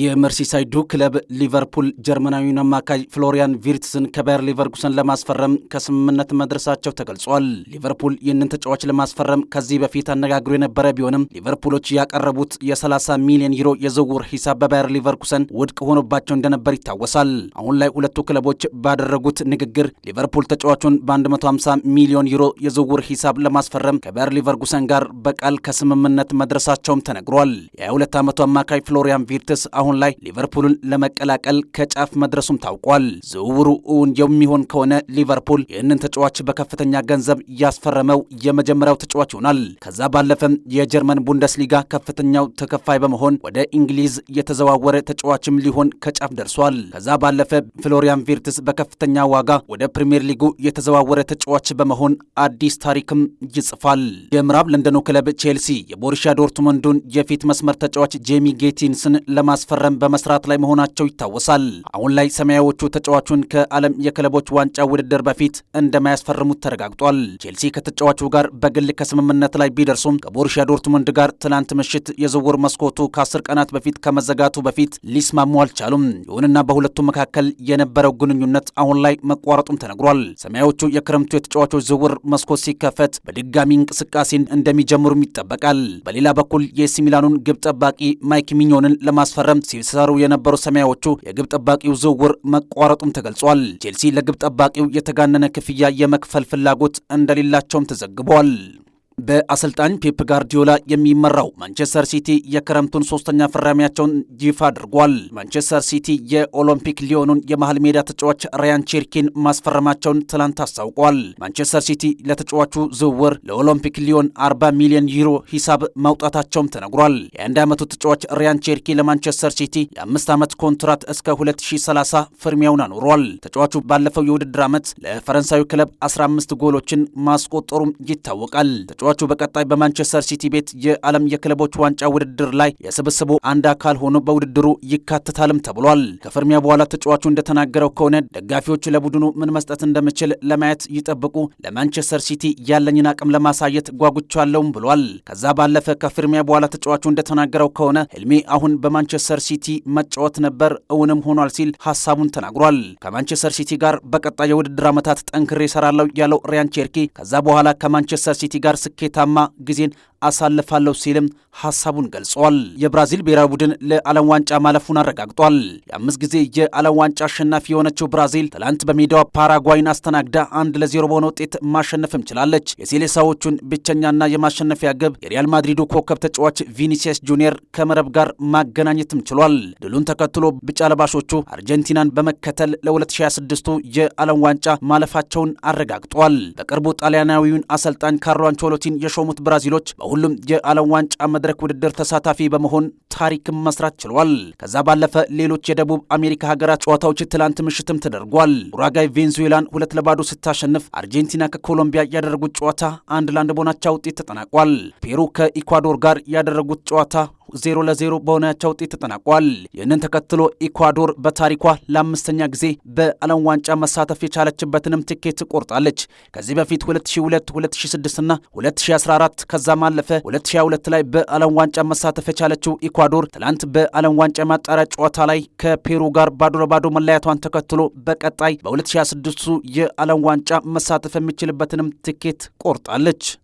የመርሲሳይዱ ክለብ ሊቨርፑል ጀርመናዊውን አማካይ ፍሎሪያን ቪርትስን ከባየር ሊቨርኩሰን ለማስፈረም ከስምምነት መድረሳቸው ተገልጿል። ሊቨርፑል ይህንን ተጫዋች ለማስፈረም ከዚህ በፊት አነጋግሮ የነበረ ቢሆንም ሊቨርፑሎች ያቀረቡት የ30 ሚሊዮን ዩሮ የዝውውር ሂሳብ በባየር ሊቨርኩሰን ውድቅ ሆኖባቸው እንደነበር ይታወሳል። አሁን ላይ ሁለቱ ክለቦች ባደረጉት ንግግር ሊቨርፑል ተጫዋቹን በ150 ሚሊዮን ዩሮ የዝውውር ሂሳብ ለማስፈረም ከባየር ሊቨርኩሰን ጋር በቃል ከስምምነት መድረሳቸውም ተነግሯል። የ22 ዓመቱ አማካይ ፍሎሪያን ቪርትስ አሁን ላይ ሊቨርፑልን ለመቀላቀል ከጫፍ መድረሱም ታውቋል። ዝውውሩ እውን የሚሆን ከሆነ ሊቨርፑል ይህንን ተጫዋች በከፍተኛ ገንዘብ ያስፈረመው የመጀመሪያው ተጫዋች ይሆናል። ከዛ ባለፈም የጀርመን ቡንደስሊጋ ከፍተኛው ተከፋይ በመሆን ወደ እንግሊዝ የተዘዋወረ ተጫዋችም ሊሆን ከጫፍ ደርሷል። ከዛ ባለፈ ፍሎሪያን ቪርትስ በከፍተኛ ዋጋ ወደ ፕሪምየር ሊጉ የተዘዋወረ ተጫዋች በመሆን አዲስ ታሪክም ይጽፋል። የምዕራብ ለንደኑ ክለብ ቼልሲ የቦሩሺያ ዶርትመንዱን የፊት መስመር ተጫዋች ጄሚ ጌቲንስን ለማስ ለማስፈረም በመስራት ላይ መሆናቸው ይታወሳል። አሁን ላይ ሰማያዎቹ ተጫዋቹን ከዓለም የክለቦች ዋንጫ ውድድር በፊት እንደማያስፈርሙት ተረጋግጧል። ቼልሲ ከተጫዋቹ ጋር በግል ከስምምነት ላይ ቢደርሱም ከቦሩሺያ ዶርትሙንድ ጋር ትናንት ምሽት የዝውውር መስኮቱ ከአስር ቀናት በፊት ከመዘጋቱ በፊት ሊስማሙ አልቻሉም። ይሁንና በሁለቱ መካከል የነበረው ግንኙነት አሁን ላይ መቋረጡም ተነግሯል። ሰማያዎቹ የክረምቱ የተጫዋቾች ዝውውር መስኮት ሲከፈት በድጋሚ እንቅስቃሴን እንደሚጀምሩም ይጠበቃል። በሌላ በኩል የኤሲ ሚላኑን ግብ ጠባቂ ማይክ ሚኞንን ለማስፈረም በተጨማረም ሲሰሩ የነበሩ ሰማያዎቹ የግብ ጠባቂው ዝውውር መቋረጡም ተገልጿል። ቼልሲ ለግብ ጠባቂው የተጋነነ ክፍያ የመክፈል ፍላጎት እንደሌላቸውም ተዘግቧል። በአሰልጣኝ ፔፕ ጋርዲዮላ የሚመራው ማንቸስተር ሲቲ የክረምቱን ሶስተኛ ፍራሚያቸውን ይፋ አድርጓል። ማንቸስተር ሲቲ የኦሎምፒክ ሊዮኑን የመሃል ሜዳ ተጫዋች ራያን ቼርኪን ማስፈረማቸውን ትላንት አስታውቋል። ማንቸስተር ሲቲ ለተጫዋቹ ዝውውር ለኦሎምፒክ ሊዮን 40 ሚሊዮን ዩሮ ሂሳብ ማውጣታቸውም ተነግሯል። የአንድ ዓመቱ ተጫዋች ራያን ቼርኪ ለማንቸስተር ሲቲ የአምስት ዓመት ኮንትራት እስከ 2030 ፍርሚያውን አኑሯል። ተጫዋቹ ባለፈው የውድድር ዓመት ለፈረንሳዊ ክለብ 15 ጎሎችን ማስቆጠሩም ይታወቃል። ተጫዋቹ በቀጣይ በማንቸስተር ሲቲ ቤት የዓለም የክለቦች ዋንጫ ውድድር ላይ የስብስቡ አንድ አካል ሆኖ በውድድሩ ይካተታልም ተብሏል። ከፍርሚያ በኋላ ተጫዋቹ እንደተናገረው ከሆነ ደጋፊዎች ለቡድኑ ምን መስጠት እንደምችል ለማየት ይጠብቁ፣ ለማንቸስተር ሲቲ ያለኝን አቅም ለማሳየት ጓጉቻለሁም ብሏል። ከዛ ባለፈ ከፍርሚያ በኋላ ተጫዋቹ እንደተናገረው ከሆነ ህልሜ አሁን በማንቸስተር ሲቲ መጫወት ነበር፣ እውንም ሆኗል ሲል ሀሳቡን ተናግሯል። ከማንቸስተር ሲቲ ጋር በቀጣይ የውድድር ዓመታት ጠንክሬ እሰራለሁ ያለው ሪያን ቼርኪ ከዛ በኋላ ከማንቸስተር ሲቲ ጋር ስኬታማ ጊዜን አሳልፋለሁ ሲልም ሀሳቡን ገልጿል። የብራዚል ብሔራዊ ቡድን ለዓለም ዋንጫ ማለፉን አረጋግጧል። የአምስት ጊዜ የዓለም ዋንጫ አሸናፊ የሆነችው ብራዚል ትላንት በሜዳዋ ፓራጓይን አስተናግዳ አንድ ለዜሮ በሆነ ውጤት ማሸነፍም ችላለች። የሴሌሳዎቹን ብቸኛና የማሸነፊያ ግብ የሪያል ማድሪዱ ኮከብ ተጫዋች ቪኒሲየስ ጁኒየር ከመረብ ጋር ማገናኘትም ችሏል። ድሉን ተከትሎ ቢጫ ለባሾቹ አርጀንቲናን በመከተል ለ2026ቱ የዓለም ዋንጫ ማለፋቸውን አረጋግጧል። በቅርቡ ጣሊያናዊውን አሰልጣኝ ካርሎ አንቸሎቲ አንቸሎቲን የሾሙት ብራዚሎች በሁሉም የዓለም ዋንጫ መድረክ ውድድር ተሳታፊ በመሆን ታሪክም መስራት ችሏል። ከዛ ባለፈ ሌሎች የደቡብ አሜሪካ ሀገራት ጨዋታዎች ትላንት ምሽትም ተደርጓል። ኡራጋይ ቬንዙዌላን ሁለት ለባዶ ስታሸንፍ፣ አርጀንቲና ከኮሎምቢያ ያደረጉት ጨዋታ አንድ ለአንድ በሆናቻ ውጤት ተጠናቋል። ፔሩ ከኢኳዶር ጋር ያደረጉት ጨዋታ ዜሮ ለዜሮ በሆናቸው ውጤት ተጠናቋል። ይህንን ተከትሎ ኢኳዶር በታሪኳ ለአምስተኛ ጊዜ በዓለም ዋንጫ መሳተፍ የቻለችበትንም ትኬት ቆርጣለች። ከዚህ በፊት 2002፣ 2006 እና 2014 ከዛም አለፈ 2022 ላይ በዓለም ዋንጫ መሳተፍ የቻለችው ኢኳዶር ትላንት በዓለም ዋንጫ ማጣሪያ ጨዋታ ላይ ከፔሩ ጋር ባዶ ለባዶ መለያቷን ተከትሎ በቀጣይ በ2026ቱ የዓለም ዋንጫ መሳተፍ የሚችልበትንም ትኬት ቆርጣለች።